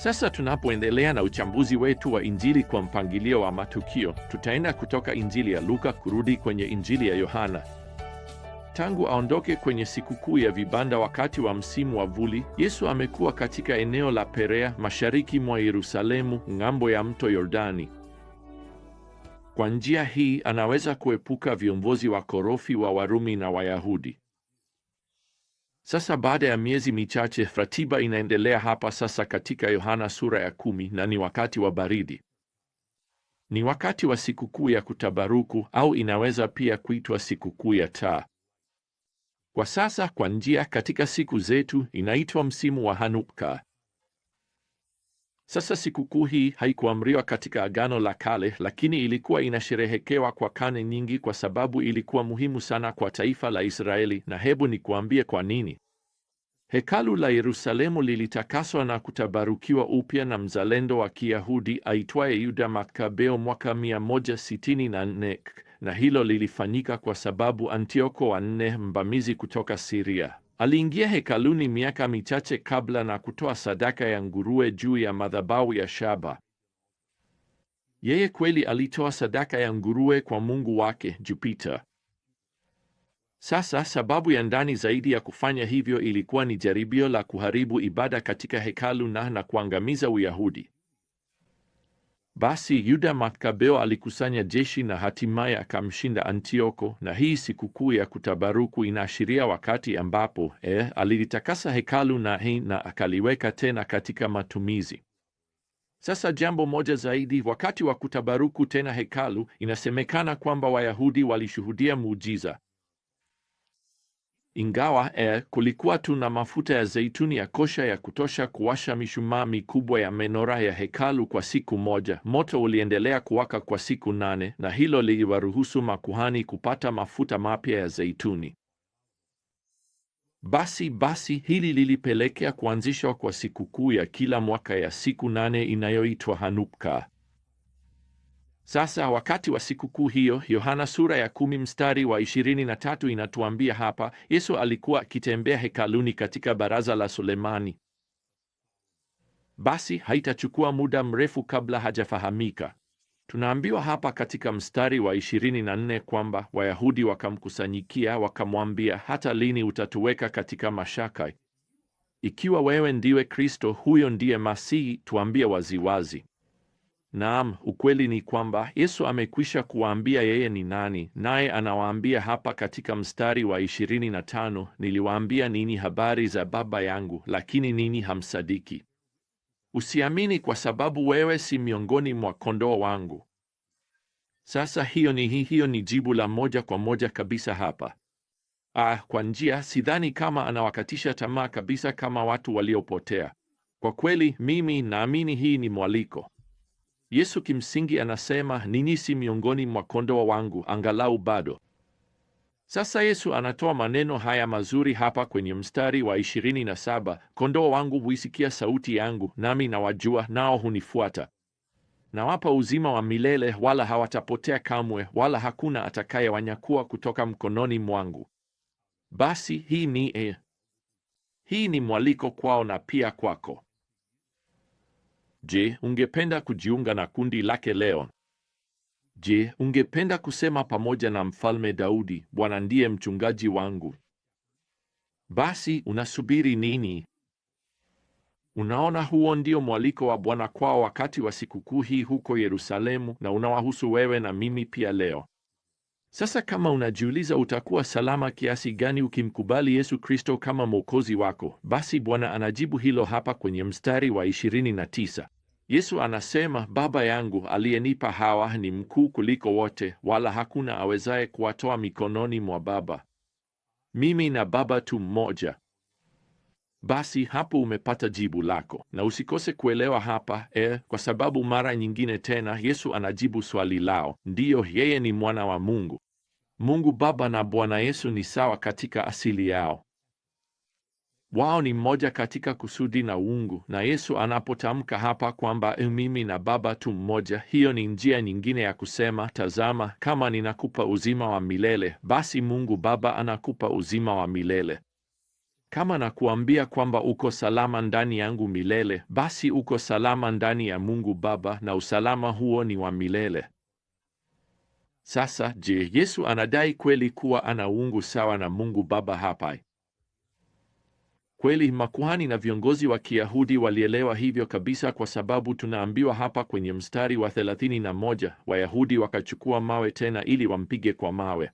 Sasa tunapoendelea na uchambuzi wetu wa Injili kwa mpangilio wa matukio, tutaenda kutoka Injili ya Luka kurudi kwenye Injili ya Yohana. Tangu aondoke kwenye sikukuu ya vibanda wakati wa msimu wa vuli, Yesu amekuwa katika eneo la Perea, mashariki mwa Yerusalemu, ng'ambo ya mto Yordani. Kwa njia hii anaweza kuepuka viongozi wakorofi wa Warumi na Wayahudi. Sasa baada ya miezi michache ratiba inaendelea hapa sasa katika Yohana sura ya kumi, na ni wakati wa baridi. Ni wakati wa sikukuu ya kutabaruku au inaweza pia kuitwa sikukuu ya taa. Kwa sasa, kwa njia, katika siku zetu inaitwa msimu wa Hanuka. Sasa sikukuu hii haikuamriwa katika Agano la Kale, lakini ilikuwa inasherehekewa kwa kane nyingi kwa sababu ilikuwa muhimu sana kwa taifa la Israeli. Na hebu nikuambie kwa nini. Hekalu la Yerusalemu lilitakaswa na kutabarukiwa upya na mzalendo wa Kiyahudi aitwaye Yuda Makabeo mwaka 164 na hilo lilifanyika kwa sababu Antioko wa nne, mbamizi kutoka Siria, Aliingia hekaluni miaka michache kabla na kutoa sadaka ya nguruwe juu ya madhabahu ya shaba. Yeye kweli alitoa sadaka ya nguruwe kwa mungu wake Jupiter. Sasa sababu ya ndani zaidi ya kufanya hivyo ilikuwa ni jaribio la kuharibu ibada katika hekalu na na kuangamiza Uyahudi. Basi Yuda Makabeo alikusanya jeshi na hatimaye akamshinda Antioko, na hii sikukuu ya kutabaruku inaashiria wakati ambapo eh, alilitakasa hekalu na hii na akaliweka tena katika matumizi. Sasa jambo moja zaidi, wakati wa kutabaruku tena hekalu, inasemekana kwamba Wayahudi walishuhudia muujiza ingawa e, kulikuwa tu na mafuta ya zeituni ya kosha ya kutosha kuwasha mishumaa mikubwa ya menora ya hekalu kwa siku moja, moto uliendelea kuwaka kwa siku nane, na hilo liliwaruhusu makuhani kupata mafuta mapya ya zeituni. Basi basi hili lilipelekea kuanzishwa kwa sikukuu ya kila mwaka ya siku nane inayoitwa Hanukkah. Sasa wakati wa sikukuu hiyo, Yohana sura ya kumi mstari wa ishirini na tatu inatuambia hapa, Yesu alikuwa akitembea hekaluni katika baraza la Sulemani. Basi haitachukua muda mrefu kabla hajafahamika. Tunaambiwa hapa katika mstari wa 24 kwamba Wayahudi wakamkusanyikia wakamwambia, hata lini utatuweka katika mashaka? Ikiwa wewe ndiwe Kristo, huyo ndiye Masihi, tuambie waziwazi. Naam, ukweli ni kwamba Yesu amekwisha kuwaambia yeye ni nani, naye anawaambia hapa katika mstari wa 25, niliwaambia ninyi habari za Baba yangu, lakini ninyi hamsadiki. Usiamini kwa sababu wewe si miongoni mwa kondoo wangu. Sasa hiyo ni hii hiyo ni jibu la moja kwa moja kabisa hapa. Ah, kwa njia, sidhani kama anawakatisha tamaa kabisa kama watu waliopotea. Kwa kweli, mimi naamini hii ni mwaliko. Yesu kimsingi anasema ninyi si miongoni mwa kondoo wangu, angalau bado. Sasa Yesu anatoa maneno haya mazuri hapa kwenye mstari wa 27, kondoo wangu huisikia sauti yangu, nami nawajua, nao hunifuata. Nawapa uzima wa milele, wala hawatapotea kamwe, wala hakuna atakayewanyakua kutoka mkononi mwangu. Basi hii ni e, hii ni mwaliko kwao na pia kwako. Je, ungependa kujiunga na kundi lake leo? Je, ungependa kusema pamoja na Mfalme Daudi, Bwana ndiye mchungaji wangu? Basi unasubiri nini? Unaona, huo ndio mwaliko wa Bwana kwao wakati wa sikukuu hii huko Yerusalemu, na unawahusu wewe na mimi pia leo. Sasa kama unajiuliza utakuwa salama kiasi gani ukimkubali Yesu Kristo kama mwokozi wako, basi Bwana anajibu hilo hapa kwenye mstari wa 29. Yesu anasema, Baba yangu aliyenipa hawa ni mkuu kuliko wote, wala hakuna awezaye kuwatoa mikononi mwa Baba. Mimi na Baba tu mmoja. Basi hapo umepata jibu lako, na usikose kuelewa hapa e kwa sababu mara nyingine tena Yesu anajibu swali lao. Ndiyo, yeye ni mwana wa Mungu. Mungu Baba na Bwana Yesu ni sawa katika asili yao. Wao ni mmoja katika kusudi na uungu, na Yesu anapotamka hapa kwamba e, mimi na Baba tu mmoja, hiyo ni njia nyingine ya kusema, tazama, kama ninakupa uzima wa milele, basi Mungu Baba anakupa uzima wa milele. Kama nakuambia kwamba uko salama ndani yangu milele, basi uko salama ndani ya Mungu Baba, na usalama huo ni wa milele. Sasa je, Yesu anadai kweli kuwa ana uungu sawa na Mungu Baba hapa? Kweli makuhani na viongozi wa Kiyahudi walielewa hivyo kabisa, kwa sababu tunaambiwa hapa kwenye mstari wa 31, Wayahudi wakachukua mawe tena ili wampige kwa mawe.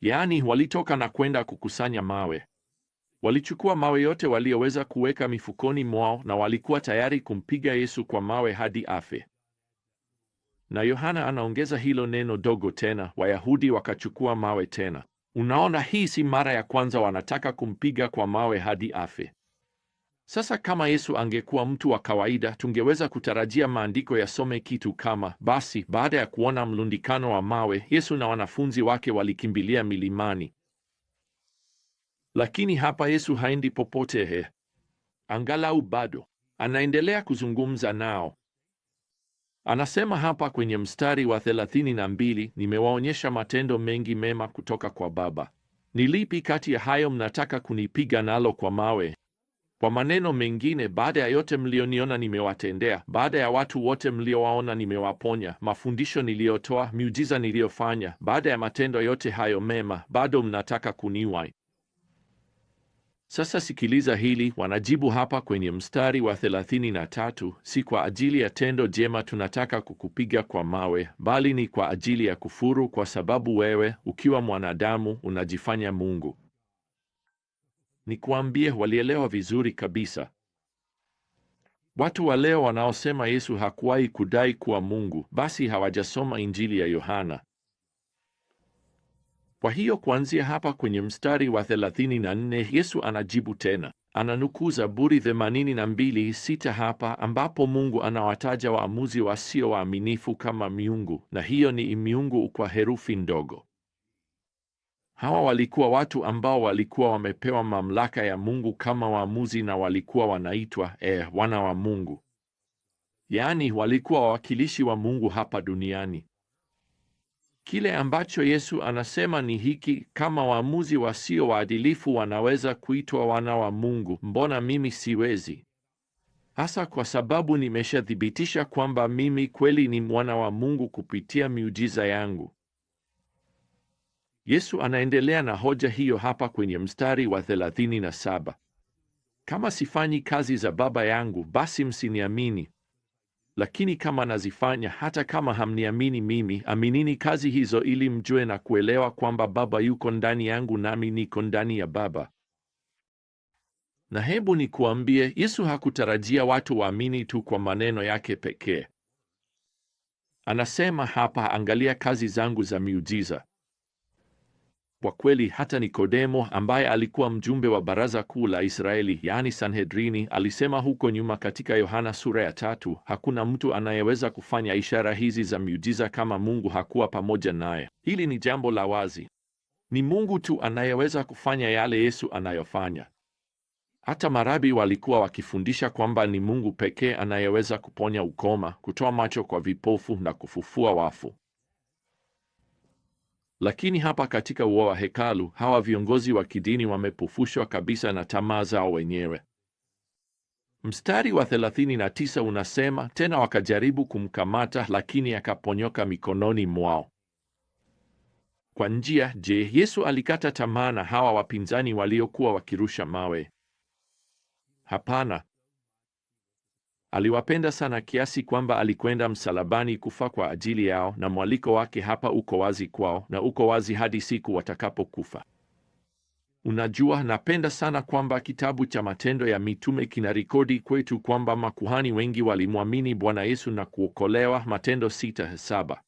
Yaani walitoka na kwenda kukusanya mawe. Walichukua mawe yote waliyoweza kuweka mifukoni mwao na walikuwa tayari kumpiga Yesu kwa mawe hadi afe. Na Yohana anaongeza hilo neno dogo tena, Wayahudi wakachukua mawe tena. Unaona, hii si mara ya kwanza wanataka kumpiga kwa mawe hadi afe. Sasa kama Yesu angekuwa mtu wa kawaida, tungeweza kutarajia maandiko yasome kitu kama basi, baada ya kuona mlundikano wa mawe, Yesu na wanafunzi wake walikimbilia milimani. Lakini hapa Yesu haendi popote he, angalau bado anaendelea kuzungumza nao. Anasema hapa kwenye mstari wa mbili, nimewaonyesha matendo mengi mema kutoka kwa Baba. Ni lipi kati ya hayo mnataka kunipiga nalo kwa mawe? Kwa maneno mengine, baada ya yote mlioniona nimewatendea, baada ya watu wote mliowaona nimewaponya, mafundisho niliyotoa, miujiza niliyofanya, baada ya matendo yote hayo mema, bado mnataka kuniwai? Sasa sikiliza hili, wanajibu hapa kwenye mstari wa 33: si kwa ajili ya tendo jema tunataka kukupiga kwa mawe, bali ni kwa ajili ya kufuru, kwa sababu wewe ukiwa mwanadamu unajifanya Mungu. Nikuambie, walielewa vizuri kabisa. Watu wa leo wanaosema Yesu hakuwahi kudai kuwa Mungu, basi hawajasoma Injili ya Yohana. Kwa hiyo kuanzia hapa kwenye mstari wa 34 Yesu anajibu tena, ananukuu Zaburi 82:6 hapa, ambapo Mungu anawataja waamuzi wasio waaminifu kama miungu, na hiyo ni miungu kwa herufi ndogo. Hawa walikuwa watu ambao walikuwa wamepewa mamlaka ya Mungu kama waamuzi, na walikuwa wanaitwa eh, wana wa Mungu, yaani walikuwa wawakilishi wa Mungu hapa duniani. Kile ambacho Yesu anasema ni hiki: kama waamuzi wasio waadilifu wanaweza kuitwa wana wa Mungu, mbona mimi siwezi? Hasa kwa sababu nimeshathibitisha kwamba mimi kweli ni mwana wa Mungu kupitia miujiza yangu. Yesu anaendelea na hoja hiyo hapa kwenye mstari wa 37: kama sifanyi kazi za Baba yangu, basi msiniamini. Lakini kama nazifanya hata kama hamniamini mimi, aminini kazi hizo, ili mjue na kuelewa kwamba Baba yuko ndani yangu nami niko ndani ya Baba. Na hebu nikuambie, Yesu hakutarajia watu waamini tu kwa maneno yake pekee. Anasema hapa, angalia kazi zangu za miujiza. Kwa kweli hata Nikodemo ambaye alikuwa mjumbe wa baraza kuu la Israeli, yaani Sanhedrini, alisema huko nyuma katika Yohana sura ya tatu, hakuna mtu anayeweza kufanya ishara hizi za miujiza kama Mungu hakuwa pamoja naye. Hili ni jambo la wazi. Ni Mungu tu anayeweza kufanya yale Yesu anayofanya. Hata marabi walikuwa wakifundisha kwamba ni Mungu pekee anayeweza kuponya ukoma, kutoa macho kwa vipofu na kufufua wafu. Lakini hapa katika uo wa hekalu, hawa viongozi wa kidini wamepufushwa kabisa na tamaa zao wenyewe. Mstari wa 39 unasema tena, wakajaribu kumkamata lakini akaponyoka mikononi mwao. Kwa njia, je, Yesu alikata tamaa na hawa wapinzani waliokuwa wakirusha mawe? Hapana. Aliwapenda sana kiasi kwamba alikwenda msalabani kufa kwa ajili yao, na mwaliko wake hapa uko wazi kwao na uko wazi hadi siku watakapokufa. Unajua, napenda sana kwamba kitabu cha Matendo ya Mitume kina rekodi kwetu kwamba makuhani wengi walimwamini Bwana Yesu na kuokolewa, Matendo sita saba.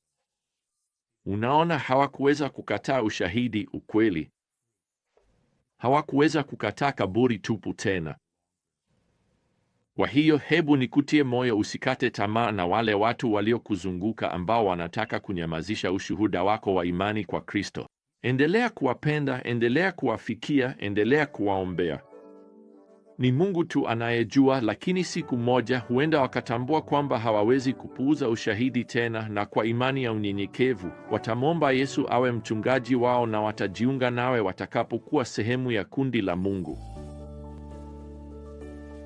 Unaona, hawakuweza kukataa ushahidi, ukweli. Hawakuweza kukataa kaburi tupu tena. Kwa hiyo hebu nikutie moyo, usikate tamaa na wale watu waliokuzunguka ambao wanataka kunyamazisha ushuhuda wako wa imani kwa Kristo. Endelea kuwapenda, endelea kuwafikia, endelea kuwaombea. Ni Mungu tu anayejua, lakini siku moja huenda wakatambua kwamba hawawezi kupuuza ushahidi tena, na kwa imani ya unyenyekevu watamwomba Yesu awe mchungaji wao, na watajiunga nawe watakapokuwa sehemu ya kundi la Mungu.